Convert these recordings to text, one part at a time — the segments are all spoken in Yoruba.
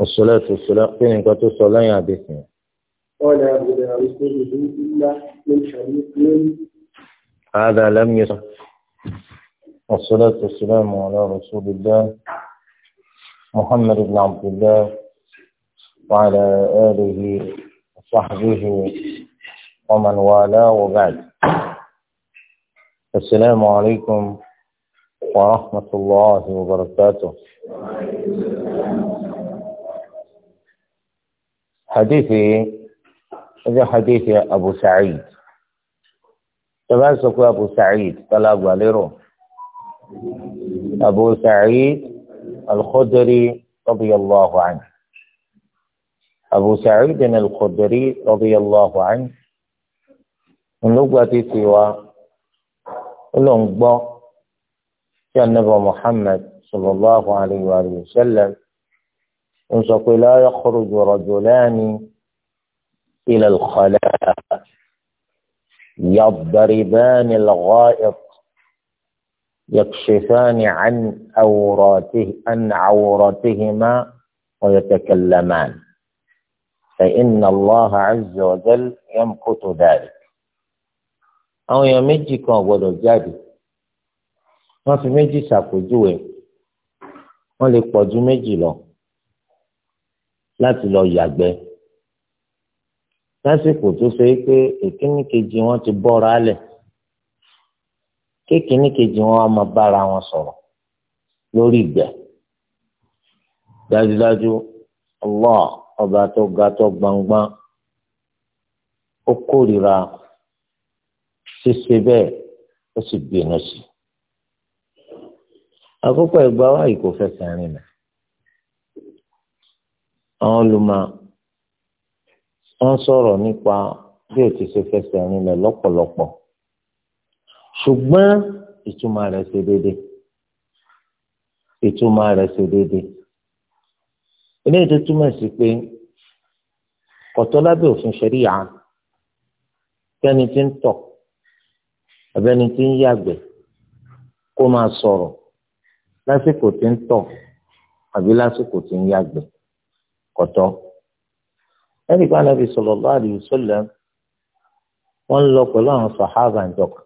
والصلاة والسلام إن كنت صلى يا بيتنا قال أبو داود إلا من حديث هذا لم يصح والصلاة والسلام على رسول الله محمد بن عبد الله وعلى آله وصحبه ومن والاه وبعد السلام عليكم ورحمة الله وبركاته hadith ẹjọ́ hadith abu sa'id tọ́ba sọ pé abu sa'id tọ́lá gbàlérò abu sa'id al-khudri radiyallahu anhu abu sa'id al-khudri radiyallahu anhu ńlọgbà ti tiwa ńlọ ń gbọ́ tí a nàbà muhammad sallallahu alayhi wa sallam ń sọ pé la yakhruju rajulani ila al-khala' yadribani al-gha'it يكشفان عن عوراته عن عورتهما ويتكلمان فإن الله عز وجل يمقت ذلك àwọn èèyàn méjì kan gbọ́dọ̀ jáde wọ́n fi méjì ṣàpèjúwe wọ́n lè pọ̀ ju méjì lọ láti lọ yàgbẹ́ lásìkò tó ṣe é pé èkíní kejì wọn ti bọ́ra lẹ̀ kéèkíní kejì wọn á máa bára wọn sọ̀rọ̀ lórí ìgbẹ́ dájúdájú Allah ọba tó ga tó gbangban ó kórìíra ṣíṣe bẹ́ẹ̀ ó sì bínú sí i àkókò ẹgbàá wáyé kò fẹsẹ̀ rìn náà àwọn olùmọ̀ wọ́n sọ̀rọ̀ nípa bí o ti ṣe fẹsẹ̀ rinlẹ̀ lọ́pọ̀lọpọ̀ ṣùgbọ́n ìtumọ̀ rẹ̀ ṣe déédéé ìtumọ̀ rẹ̀ ṣe déédéé eléyìí tó túmọ̀ sí pé kọ̀tọ́ lábẹ́ òfin ṣẹ̀ríyà kẹ́ni tí ń tọ̀ abẹ́ni tí ń yàgbẹ́ kó máa sọ̀rọ̀ lásìkò tí ń tọ̀ àbí lásìkò tí ń yàgbẹ́ kọtọ ẹnì kan nàbì sallallahu alaihi wasallam wọn lọ pẹ̀lú àwọn sàhábà ìjọkọ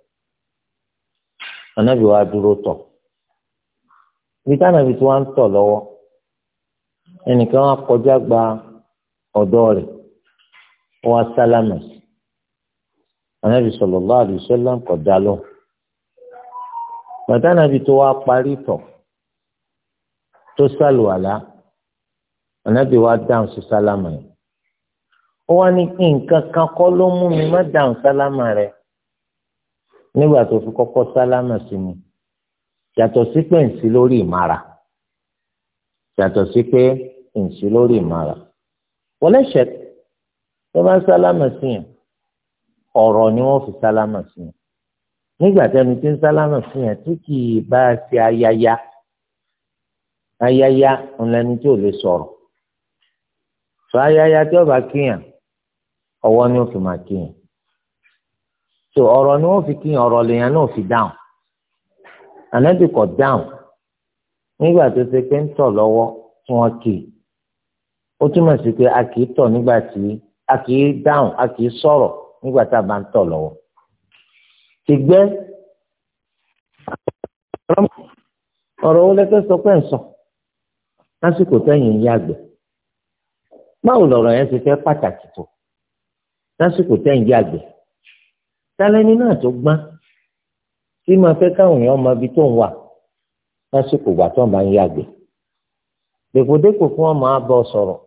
ànábì wa dúró tọ̀ ibi tí ànábì tí wọn ń tọ̀ lọ́wọ́ ẹnìkan wọn kọjá gba ọ̀dọ̀ rẹ̀ wọn sálámà ànábì sallallahu alaihi wasallam kọjá lọ bàtà ànábì tó wá parí tọ̀ tó sálùwàlá ànábì wa dáhùn sí sálámà yìí ó wá ní kí nǹkan kan kọ́ ló mú mi má dáhùn sálámà rẹ nígbà tó fi kọ́kọ́ sálámà sí mi yàtọ̀ sí pé ǹsí lórí ìmára yàtọ̀ sí pé ǹsí lórí ìmára wọlé tó bá sálámà sí yẹn ọ̀rọ̀ ni wọ́n fi sálámà sí yẹn nígbà tí ẹni tí ń sálámà sí yẹn tí kì í bá ṣe ayaya ayaya ńlẹni tí ò lè sọ̀rọ̀ sọ ayáyá tí ọba kíyàn ọwọ ni ó fi máa kíyàn tó ọ̀rọ̀ ni wọ́n fi kíyàn ọ̀rọ̀ lèèyàn náà fi dáhùn ànábì kọ̀ dáhùn nígbà tó ṣe pé ń tọ̀ lọ́wọ́ tí wọ́n kì í ó túmọ̀ sí pé a kì í tọ̀ nígbà tí a kì í dáhùn a kì í sọ̀rọ̀ nígbà tá a bá ń tọ̀ lọ́wọ́ ti gbẹ́ ọ̀rọ̀ wo lẹ́kẹ́ sọ pé ń sọ lásìkò tẹ́yìn ń yàgbẹ́. báwo lọ̀rọ̀ yẹn ti fẹ́ pàtàkì tó lásìkò tẹ ń jẹ́ náà tó gbá tí máa fẹ káwọn èèyàn mọ ibi tó ń wà lásìkò tó ń bá ń fún ọmọ abọ́ sọ̀rọ̀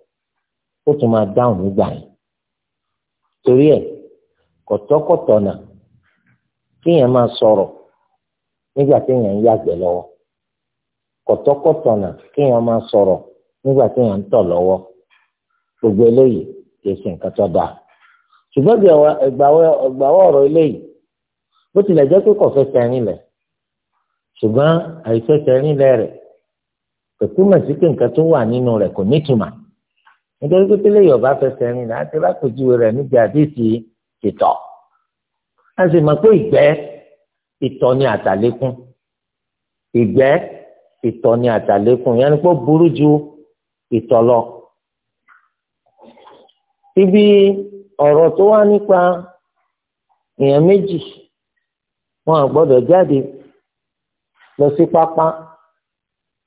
ó tún máa dáhùn nígbà yẹn torí ẹ̀ kọ̀tọ́kọ̀tọ̀ náà kéèyàn máa gbogbo eléyìí kì í nǹkan tó dáa ṣùgbọ́n bí ẹgbàwọ́ ọ̀rọ̀ eléyìí bó tilẹ̀ jẹ́ pé kò fẹsẹ̀ rinlẹ̀ ṣùgbọ́n àìfẹsẹ̀ rinlẹ̀ rẹ̀ kò túmọ̀ sí pé nǹkan tó wà nínú rẹ̀ kò nítumọ̀ nítorí pé àti lápèjúwe rẹ̀ níbi àdéhìí ìtọ̀ a sì mọ̀ pé ìgbẹ́ ìtọ̀ ni àtàlékún ìgbẹ́ ìtọ̀ ni àtàlékún yẹn ni pé burú ju lọ. ibi ọ̀rọ̀ tó wá nípa èèyàn méjì wọn à gbọ́dọ̀ jáde lọ sí pápá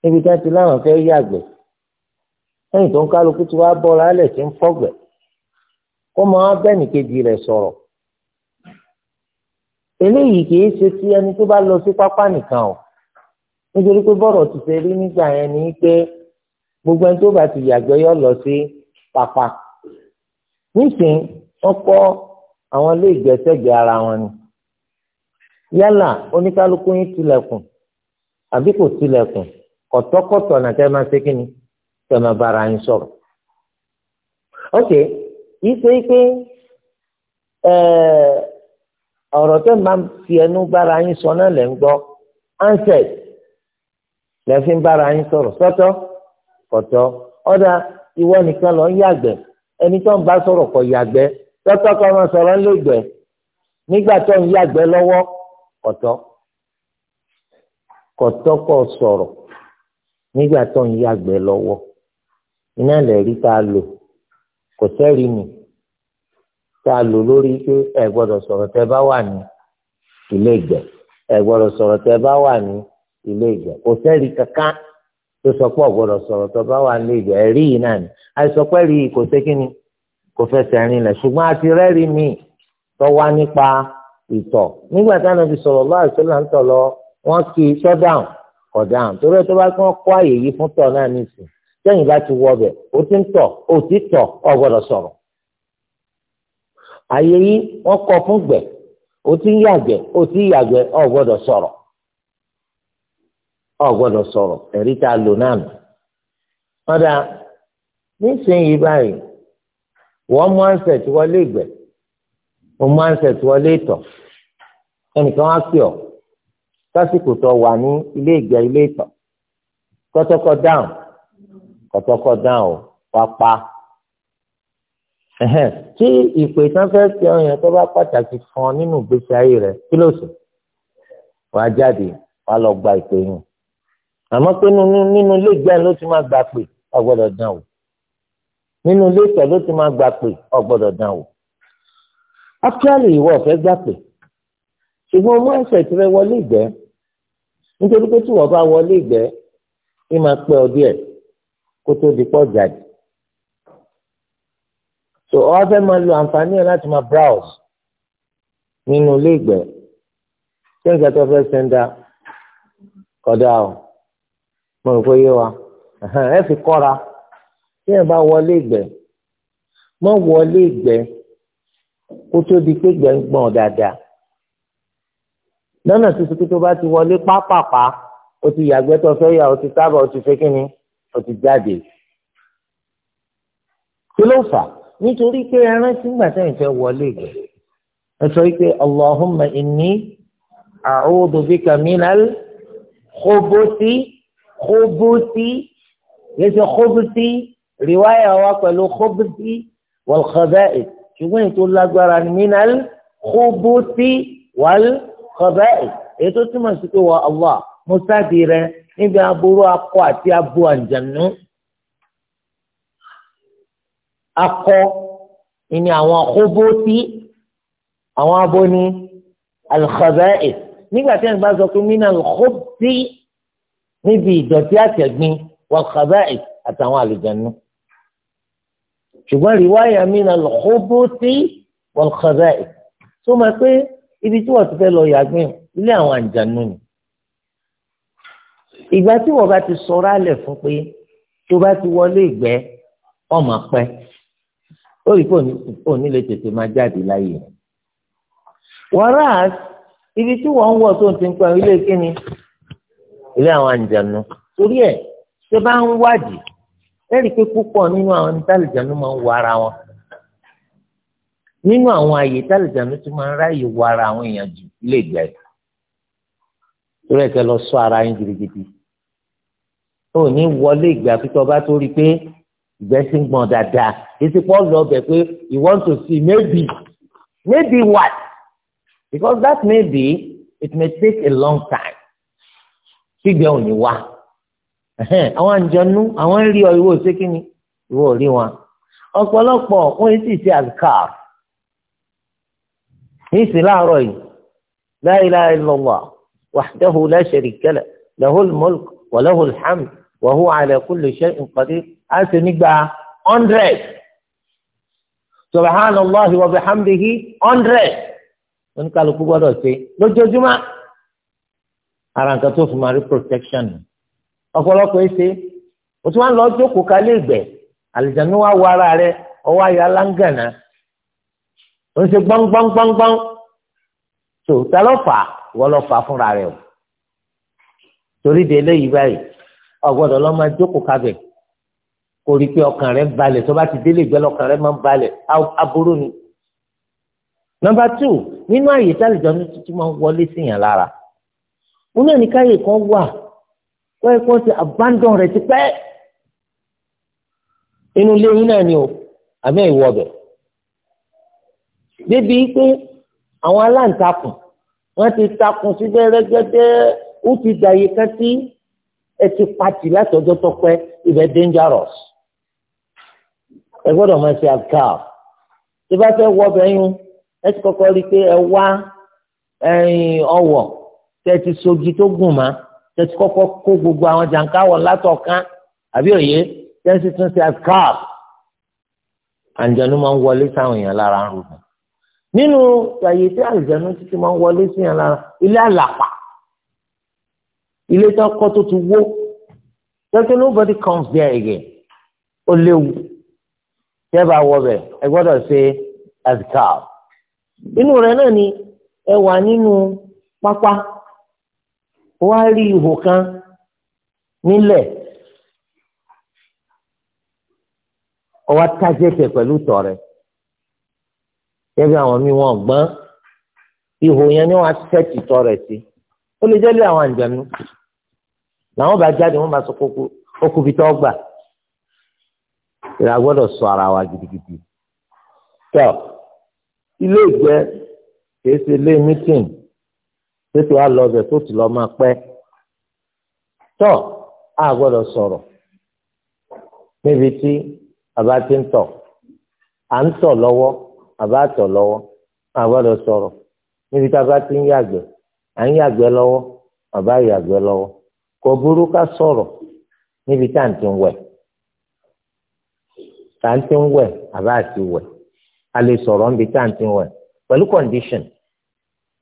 níbi tá ti láwọn fẹ́ yàgbẹ́ lẹ́yìn tó ń kálukú tí wàá bọ́ra alẹ̀ tí ń fọ́gbẹ́ kó máa bẹ́ẹ̀nì kejì rẹ̀ sọ̀rọ̀ eléyìí kì í ṣe ti ẹni tó bá lọ sí pápá nìkan o nítorí pé bọ́rọ̀ ti ṣe rí nígbà yẹn ni pé gbogbo ẹni tó bá ti yàgbẹ́ yọ lọ sí pápá. nísìnyí wọ́n kọ àwọn ilé ìgbẹ́sẹ̀gbẹ́ ara wọn ni yálà oníkálukú yín tilẹ̀kùn àbí kò tilẹ̀kùn kọ̀tọ́kọ̀tọ̀ náà máa ṣe kí ni tẹ́ bàrà bára yín sọ̀rọ̀. ok yìí ṣe pé ọ̀rọ̀ tẹ́ máa fi ẹnu bàrà yín sọ náà lẹ́ ń gbọ́ ansẹ̀t lẹ́ fi ń bára yín sọ̀rọ̀ sọ́tọ̀ kọ̀tọ̀ ọ̀dà ìwọ nìkan lọ ń yàgbẹ́ ẹni tó ń bá sọ̀rọ̀ kọ̀ yàgbẹ́ lọ́tọ́ kan máa sọ̀rọ̀ ńlẹ́gbẹ́ nígbà tó ń yàgbẹ́ lọ́wọ́ kọ̀tọ́ kọ̀tọ́ kọ̀ sọ̀rọ̀ nígbà tó ń yàgbẹ́ lọ́wọ́ iná lẹ́rí tá a lò kò sẹ́rí mi tá a lò lórí pé ẹ gbọ́dọ̀ sọ̀rọ̀ tẹ́ bá wà ní ilé ìgbẹ́ ẹ gbọ́dọ̀ sọ̀rọ̀ tẹ́ bá wà ní ilé ìgbẹ́ kò sẹ́rí kankan tó sọ pé ọ̀gbọ́dọ̀ sọ̀rọ̀ tó bá wà ní ìgbà ẹ̀rí yìí náà ni àìsọ pé rí kò sé kí ni kò fẹsẹ̀ rin lẹ̀ ṣùgbọ́n a ti rẹ́rìí mi tó wá nípa ìtọ̀ nígbà táwọn fi sọ̀rọ̀ lọ́wọ́ àìsọ́lá ń tọ̀ lọ wọ́n kí i tọ́ dáhùn kọ̀ dáhùn torí ẹ tó bá kí wọ́n kó àyè yìí fún tọ̀ náà nìsín sẹ́yìn bá ti wọ bẹ̀ ó ti ń tọ̀ ọ gbọ́dọ̀ sọ̀rọ̀ ẹ̀rí tá a lò náà nù. ọ̀dà nísìnyí báyìí wọ́n mú ànsẹ̀ tí wọ́n lé gbẹ̀ wọ́n mú ànsẹ̀ tí wọ́n lé tọ̀ ẹnìkan wá pè ọ́ sásìkò tó wà ní ilé ìgbẹ́ ilé ìtọ̀ kọ́tọ́kọ́ dáhùn kọ́tọ́kọ́ dáhùn wá pa tí ìpè tán fẹ́ fi ọyàn tó bá pàtàkì fún ọ nínú ìgbésí ayé rẹ kí ló sùn wàá jáde wàá lọ gba ìpè yìí àmọ́ pé nínú ilé ìgbà ló ti máa gbà pé ọgbọ́dọ̀ dán o nínú ilé ìtọ̀ ló ti máa gbà pé ọgbọ́dọ̀ dán o actually ìwọ ọ̀fẹ́ gbà pé ṣùgbọ́n ọmọ ẹ̀sẹ̀ tí rẹ wọlé ìgbẹ́ nítorí pé tí wọ́n bá wọlé ìgbẹ́ ẹ máa pẹ́ ọ díẹ̀ kó tó di pọ̀ jáde so ọ fẹ́ máa lo àǹfààní ẹ láti máa browse nínú ilé ìgbẹ́ ṣé nǹkan tó fẹ́ sẹ́ńdà kódà o mo rò pé yé wa ẹ fi kọ́ra tí ẹ bá wọlé ìgbẹ́ mọ́ wọlé ìgbẹ́ kó tó di pé ìgbẹ́ ń gbọ̀n dáadáa lọ́nà tuntun pé tó bá ti wọlé pápápá o ti yàgbẹ́ tó fẹ́ yà o ti sábà o ti fẹ́ kínni o ti jáde kí ló fà nítorí pé ẹran tí gbà sẹ́yìn fẹ́ wọlé ìgbẹ́ ẹ sọ pé Allahumma inni a'udhu bika minal khubuthi kóbùsí yẹsẹ kóbùsí rìwáyà wa pẹ̀lú kóbùsí wàlùkọ̀bẹ́ẹ̀ ṣùgbọ́n ètò lágbára ni mínàl kóbùsí wàlùkọ̀bẹ́ẹ̀ ètò túmọ̀ sí pé wà Allah mùsàdì rẹ níbi aburú akọ àti abo àǹjànú akọ ìní àwọn kóbùsí àwọn abo ní alùkọ̀bẹ́ẹ̀ nígbà tí wọn bá sọ pé mínàl kóbùsí níbi ìdọ̀tí àtẹ̀gbin wal khaba'ith àtàwọn àlùjànnú. ṣùgbọ́n rìwáyà mi nà lọ́kọ́bọ́tì wal khaba'ith tó máa pé ibi tí wọ́n ti fẹ́ lọ yàgbẹ́ ilé àwọn àjànú ni. ìgbà tí wọ́n bá ti sọ̀rọ̀ alẹ̀ fún pé tó bá ti wọlé ìgbẹ́ ọmọ pẹ́ ó rí kó ní lè tètè máa jáde láàyè. wàrà ibi tí wọ́n ń wọ̀ tó ti ń pẹ́ ilé kíni ilé àwọn àǹjànú torí ẹ̀ ṣé bá ń wádìí ẹ̀rí pé púpọ̀ nínú àwọn tálìjànú máa ń wọ ara wọn nínú àwọn àyè tálìjànú tó máa ń ráàyè wọ ara àwọn èèyàn jù lè gbẹ torí ẹ̀ kẹ́ lọ sọ ara yín gidigidi ó ní wọlé ìgbà pípọ̀ bá tó rí i pé ìgbẹ́ sí ń gbọ̀n dáadáa èsì pọ̀ lọ bẹ̀ pé you want to see maybe maybe what because that maybe it may take a long time sígbẹ́ òní wá àwọn àǹjọ̀nú àwọn ń rí ọ ìwọ ṣé kí ni ìwọ ò rí wọn ọ̀pọ̀lọpọ̀ wọn yìí sì ṣe àzùkàr ní ìsìn láàárọ̀ yìí la ilaha illallah wahdahu la sharika lah lahul mulk wa lahul hamd wa huwa ala kulli shay'in qadir á sì nígbà hundred subhanallahi wa bihamdihi hundred oníkàlùkù gbọ́dọ̀ ṣe lójoojúmọ́ ara nǹkan tó fi máa rí protection ọ̀pọ̀lọpọ̀ ẹsẹ o tí wọn lọ jókòó kalẹ̀ ìgbẹ àlìjánu wa wọ ara rẹ ọwọ́ ayọ̀ aláǹgànà o ń ṣe gbọngbọngbọngbọn tó ta lọ fà wọ́n lọ fà fúnra rẹ o torí de eléyìí báyìí ọgbọdọ lọ máa jókòó kabẹ kò rí pé ọkàn rẹ balẹ̀ tó bá ti délé ìgbẹ lọkàn rẹ máa ń balẹ̀ aburú ni. nọ́mbà tù nínú àyè tí àlìjánu tuntun máa ń wọlé síyàn lára wọn náà ní káyè kan wà wọ́n yẹ kó abandon rẹ̀ ti pẹ́ inú ilé yín náà ni o àmì ìwọ bẹ̀. débi pé àwọn aláǹtakùn wọ́n ti takùn síbẹ̀ rẹ́gẹ́dẹ́ ó ti dàyè kan sí ẹ ti pàtì láti ọjọ́ tó pẹ́ ibẹ̀ dangerous. ẹ gbọ́dọ̀ máa ṣe àgá tí bá fẹ́ wọ ọbẹ̀ yín ẹ ti kọ́kọ́ rí i pé ẹ wá ọwọ́ tẹ́tí sogi tó gùn má tẹ́tí kọ́kọ́ kó gbogbo àwọn jàǹkáwọ̀ látọ̀kan àbí òye tẹ́tí tún ṣe àkàp àǹjẹ̀nu máa ń wọlé sáwọn èèyàn lára ń rògbò nínú àyè tí àǹjẹ̀nu títí máa ń wọlé sí yàn lára ilé àlàpà ilé tó kọ́ tó ti wó tẹ́tí nobody comes there again ó léwu tẹ́ bá wọ bẹ̀ ẹ gbọ́dọ̀ ṣe àkàp inú rẹ̀ náà ni ẹ wà nínú pápá ó wá rí ihò kan nílẹ̀ ó wá tájẹsẹ̀ pẹ̀lú tọ̀rẹ̀ gẹ́gẹ́ àwọn míì wọn gbọ́n ihò yẹn ni wọ́n á tẹ́tì tọ̀rẹ̀ sí ó lè jẹ́ lé àwọn àǹjẹ̀nu làwọn bá jáde wọ́n bá sọ kókó okùnfin tó ìlà gbọ́dọ̀ sọ ara wa gidigidi tọ́ ilé ìgbẹ́ kìí ṣe ilé mítìnì. tètè wá lọ bẹ̀ tó ti lọ máa pẹ́ tọ́ a gbọ́dọ̀ sọ̀rọ̀ níbi tí àbá ti ń tọ̀ à ń tọ̀ lọwọ àbá tọ̀ lọ́wọ́ a gbọ́dọ̀ sọ̀rọ̀ níbi tí a bá ti ń yàgbẹ́ à ń yàgbẹ́ lọ́wọ́ àbá yàgbẹ́ lọ́wọ́ kò burú ká sọ̀rọ̀ níbi tí à ń ti ń wẹ̀ tá à ń ti ń wẹ̀ àbá àti wẹ̀ a lè sọ̀rọ̀ níbi tí à ń ti ń wẹ̀ pẹ̀lú condition.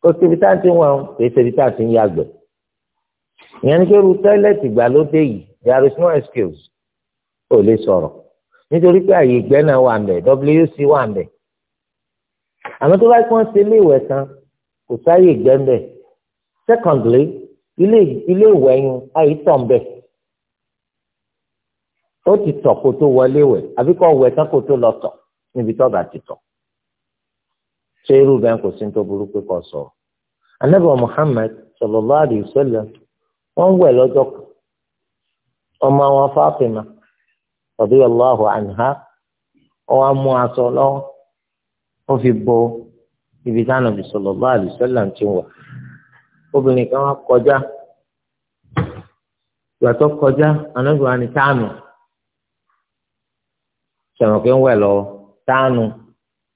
kò síbi tá à ń ti wọn kò síbi tá à ti ń yàgbẹ́ ìyẹn ní kí irú tọ́ílẹ̀tì ìgbàlódé yìí there is no excuse ò lè sọ̀rọ̀ nítorí pé àyè ìgbẹ́ náà wà ńbẹ̀ WC wà ńbẹ̀ àmọ́ tó bá pọ́n sí ilé ìwẹ̀ kan kò sáyè ìgbẹ́ ńbẹ̀ secondly ilé ilé ìwẹ̀ yẹn àyè tọ̀ ńbẹ̀ ó ti tọ̀ kó tó wọlé wẹ̀ àbí kó wẹ̀ tán kó tó lọ tọ̀ níbi tó bá ti tọ̀ ṣé irú bẹ́ẹ̀ kò sọ. Ànábì Muhammad sallallahu alaihi wasallam wọ́n wẹ̀ lọ́jọ́ ọma ọmọ wọn Fátímà radiyallahu anha wọ́n á mú aṣọ fi ibi tí Ànábì sallallahu alaihi wasallam ti wà obìnrin kọjá kọjá wa ni ń lọ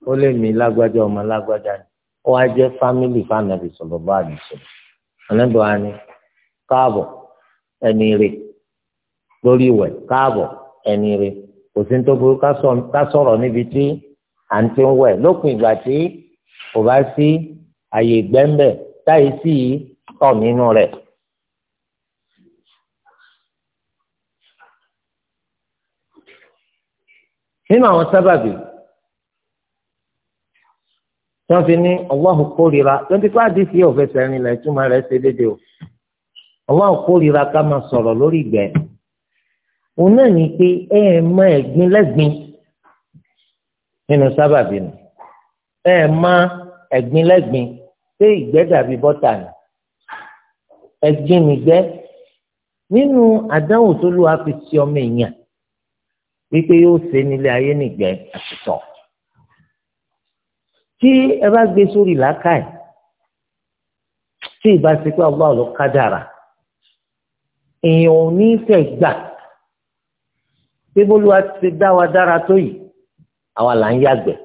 ó lè mí lágbájá ọmọ lágbájá ni ó wá jẹ́ fámìlì fáànàbì sọ̀rọ̀ bá àdìsọ ànábì wa ni káàbọ̀ ẹni rè lórí ìwẹ̀ káàbọ̀ ẹni rè kò sí ní tó burú ká sọ̀rọ̀ níbi tí à ń ti ń wẹ̀ lópin ìgbà tí kò bá sí àyè gbẹ́ńbẹ̀ táyì sí tọ̀ nínú rẹ̀. nínú àwọn sábàbí tí wọ́n fi ní Allahu kórìíra tó ń ti pa àdìsí ọ̀fẹ́ sẹ́rin lẹ̀ túmọ̀ rẹ̀ ṣe déédéé o Allahu kórìíra ká máa sọ̀rọ̀ lórí ìgbẹ́ òun náà ní pé ẹ ẹ mọ ẹ̀gbin lẹ́gbin nínú sábàbí nù ẹ ẹ mọ ẹ̀gbin lẹ́gbin ṣé ìgbẹ́ dàbí bọ́tà ni ẹ̀gbin nìgbẹ́ nínú àdánwò tó lù wá fi ti ọmọ èèyàn wípé yóò ṣe nílé ayé nìgbẹ́ àti tí ẹ bá gbé sórí làákàyè tí ìbá ṣe pé ọgbà ọ̀lọ́ kádàrà èèyàn ò ní gbà pé bólúwa ti dá wa dára tó yìí àwa là ń yàgbẹ́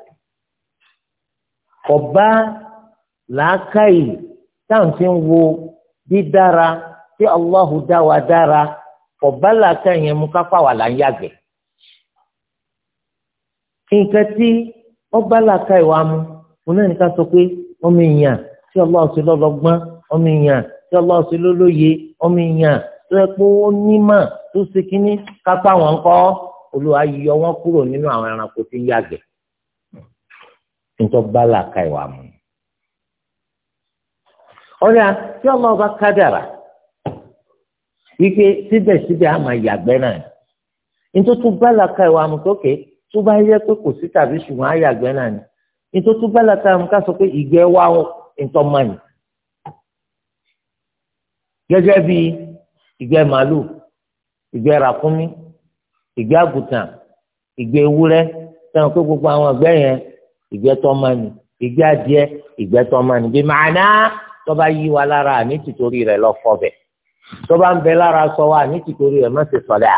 ọba làákàyè táwọn ti ń wo dídára tí wa dára ọba làákàyè yẹn mú kápá wa là ń nǹkan tí ọba làákàyè wa mú. òun náà ní ká sọ pé ọmọ èèyàn tí Allah ṣe lọ́lọ́gbọ́n ọmọ èèyàn tí Allah ṣe lólóye ọmọ èèyàn tó yẹ pé ó nímọ̀ tó ṣe kínní kápá wọn kọ́ olùwà yọ wọn kúrò nínú àwọn ẹranko tí ń yàgbẹ́ nítorí bá làákà ìwà mu. ọ̀rẹ́ à tí Allah bá kádàrà àmà yàgbẹ́ náà nítorí tó bá látara mu ká sọ pé ìgbẹ́ wá ntọ́mọ́ni gẹ́gẹ́ bí ìgbẹ́ màálù ìgbẹ́ ràkúnmí ìgbẹ́ àgùtàn ìgbẹ́ ewúrẹ́ sẹ́wọ̀n pé gbogbo àwọn ìgbẹ́ yẹn ìgbẹ́ tọ́mọ́ni ìgbẹ́ adìẹ ìgbẹ́ tọ́mọ́ni bí màánà tó bá yí wa lára àní tìtorí rẹ̀ lọ fọbẹ̀ tó ń bẹ lára sọ wa àní tìtorí rẹ̀ má ṣe sọ̀dà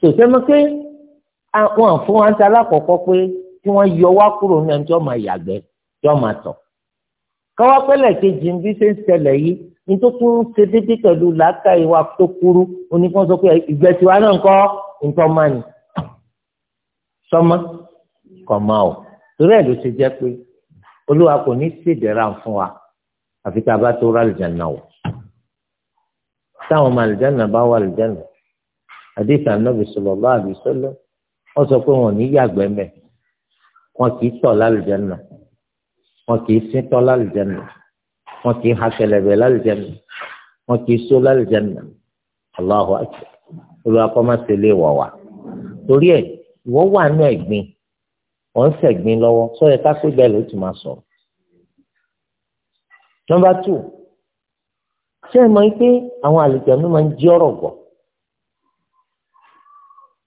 sòtẹ́mọ́ pé àwọn àfọwọ́ntà alákọ̀ọ́kọ́ pé kí wọ́n yọ wá kúrò ní ẹni tí wọ́n máa yàgbẹ́ tí wọ́n máa tọ̀ káwá pẹ́lẹ̀ kejì ń bí ṣe ń ṣẹlẹ̀ yìí ní tó tún ṣe déédéé pẹ̀lú làákà ìwà tó kúrú oníkan sọ pé ìgbẹ́ tiwa náà kọ́ nǹkan máa nì sọmọ kọ̀ máa ò torí ẹ̀ ló ṣe jẹ́ pé olúwa kò ní ṣèdẹ́ra fún wa àfi tá a bá tó rà lìjànà táwọn ọmọ àlìjànà bá wà àlìjànà àdéhùn ànábì sallallahu alaihi wasallam wọ́n sọ pé wọn ò ní yàgbẹ́ mẹ́ẹ̀ wọn kì í tọ̀ lálùjẹ́nà wọn kì í síntọ́ lálùjẹ́nà wọn kì í hakẹlẹ̀bẹ̀ lálùjẹ́nà wọn kì í só lálùjẹ́nà Allahu akbar olùwàkọ́mọ́sẹ̀ lè wọ̀ wá torí ẹ̀ ìwọ́ wà ní ẹ̀gbin wọ́n ń sẹ̀gbin lọ́wọ́ sọ́yẹ kápẹ́ bẹ́ẹ̀ ló ti máa sọ̀rọ̀. nọ́mbà tù ṣé ẹ mọ̀ pé àwọn àlùjànnú máa ń jí ọ̀rọ̀ gbọ́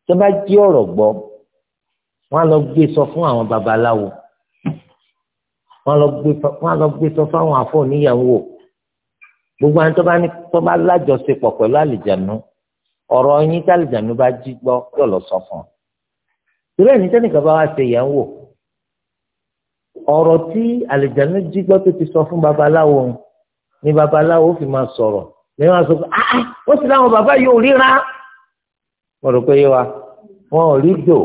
tó bá jí ọ̀rọ̀ gbọ́ wọ́n lọ gbé sọ fún àwọn babaláwo wọ́n lọ gbé wọ́n lọ gbé sọ fún àwọn afọ oníyàwó gbogbo àwọn tó bá ní tó bá lájọṣepọ̀ pẹ̀lú àlìjànú ọ̀rọ̀ yín tí àlìjànú bá jí gbọ́ yóò lọ sọ fún ọ ìrẹ́ ní tẹ́nìkan bá wá ṣe yẹn wò ọ̀rọ̀ tí àlìjànú jí gbọ́ tó ti sọ fún babaláwo ni babaláwo fi máa sọ̀rọ̀ ní wọ́n sọ pé ah, ah wọ́n sì láwọn bàbá yóò ríra wọ́n rò pé yé wa wọ́n ò rí dò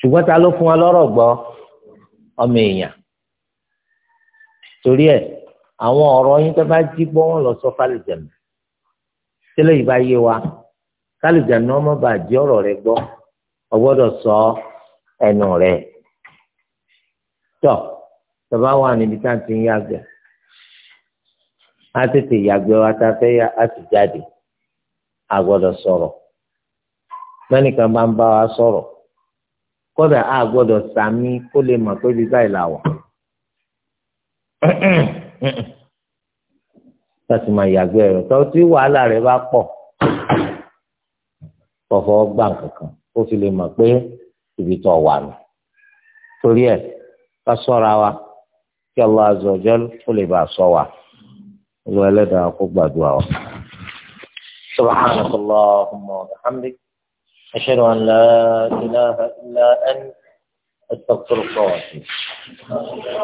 ṣùgbọ́n ta ló fún wa lọ́rọ̀ gbọ́ ọmọ èèyàn torí ẹ àwọn ọ̀rọ̀ yín tó bá jí lọ sọ fálìjẹ̀mù tẹ́lẹ̀ yìí bá yé wa fálìjẹ̀mù ọmọ bá jí ọ̀rọ̀ rẹ gbọ́ ọ gbọ́dọ̀ sọ ẹnu rẹ tọ́ tọba wà níbi tá à ń ti yàgbẹ́ fẹ́ yà á a gbọ́dọ̀ kódà a gbọ́dọ̀ sàmì kó lè mọ̀ pé bíbá ìlà wà láti máa yàgbẹ́ rẹ̀ tó tí wàhálà rẹ̀ bá pọ̀ kọ̀fọ́ gbà kankan ó fi lè mọ̀ pé ibi tó wà nù torí ẹ̀ ká ṣọ́ra wa kí Allah azza wa jal ó lè bá a ṣọ́ wa olú ẹlẹ́dàá kó gbàdúrà wa. سبحانك اللهم وبحمدك أشهد أن لا إله إلا أنت أستغفرك الله